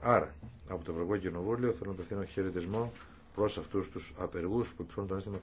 Άρα, από το Ευρωπαϊκό Κοινοβούλιο θέλω να απευθύνω χαιρετισμό προ αυτού του απεργού που ψώνουν τον αίσθημα